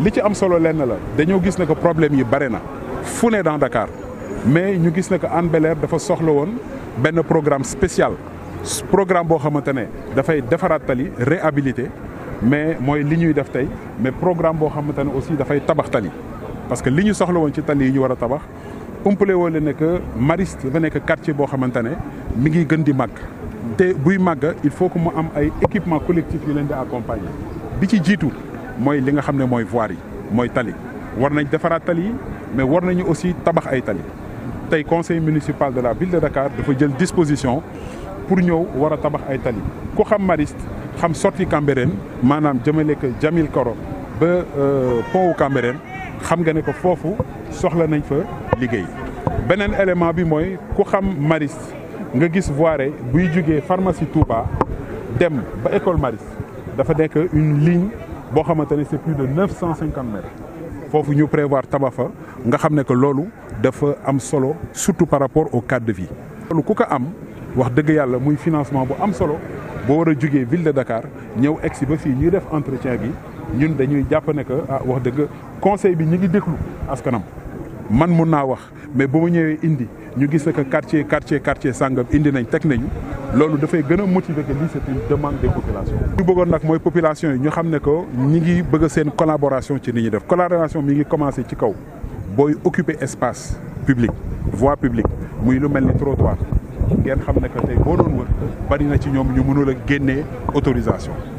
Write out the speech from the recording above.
li ci am solo lenn la dañoo gis ne que problème yi bare na fu ne dans Dakar mais ñu gis ne que Hann bel dafa soxla woon benn programme spécial programme boo xamante ne dafay defaraat tali réhabilité mais mooy li ñuy def tey mais programme boo xamante ne aussi dafay tabax tali parce que li ñu soxla woon ci tali yi ñu war a tabax umpale woo le ne que Mariste dafa nekk quartier boo xamante ne mi ngi gën di màgg te buy màgg il faut que mu am ay équipement collectif yu leen di accompagner bi ci jiitu mooy li nga xam ne mooy voirie yi mooy tali war nañ defaraat tali mais war nañu aussi tabax ay tali tey conseil municipal de la ville de Dakar dafa jël disposition pour ñëw war a tabax ay tali ku xam Mariste xam sorti Cambérène maanaam jëmale ko Jamil Koro ba euh, pont wu Cambérène xam nga ne ko foofu soxla nañ fa liggéey beneen élément bi mooy ku xam Mariste nga gis voirie buy jugee pharmacie Touba dem ba école Mariste dafa nekk une ligne. boo xamante ne c'est plus de neuf cent cinquante mètres foofu ñu prévoir tabax fa nga xam ne que loolu dafa am solo surtout par rapport au cadre fi vie. loolu ku ko am wax dëgg yàlla muy financement bu am solo boo war a jugee ville de Dakar ñëw egsi ba fii ñuy def entretien bi ñun dañuy jàpp ne que ah wax dëgg conseil bi ñu ngi déglu askanam. man mun naa wax mais bu ma ñëwee indi ñu gis ne que quartier quartier quartier sàngam indi nañ teg nañu loolu dafay gën a motiver que lii c'est une demande des populations. bëggoon nag mooy population yi ñu xam ne que ñi ngi bëgg seen collaboration ci li ñuy def collaboration mi ngi commencé ci kaw booy occuper espace publique voie publique muy lu mel ni trottoir ngeen xam ne que tey boo doon wër bari na ci ñoom ñu mënul a génnee autorisation.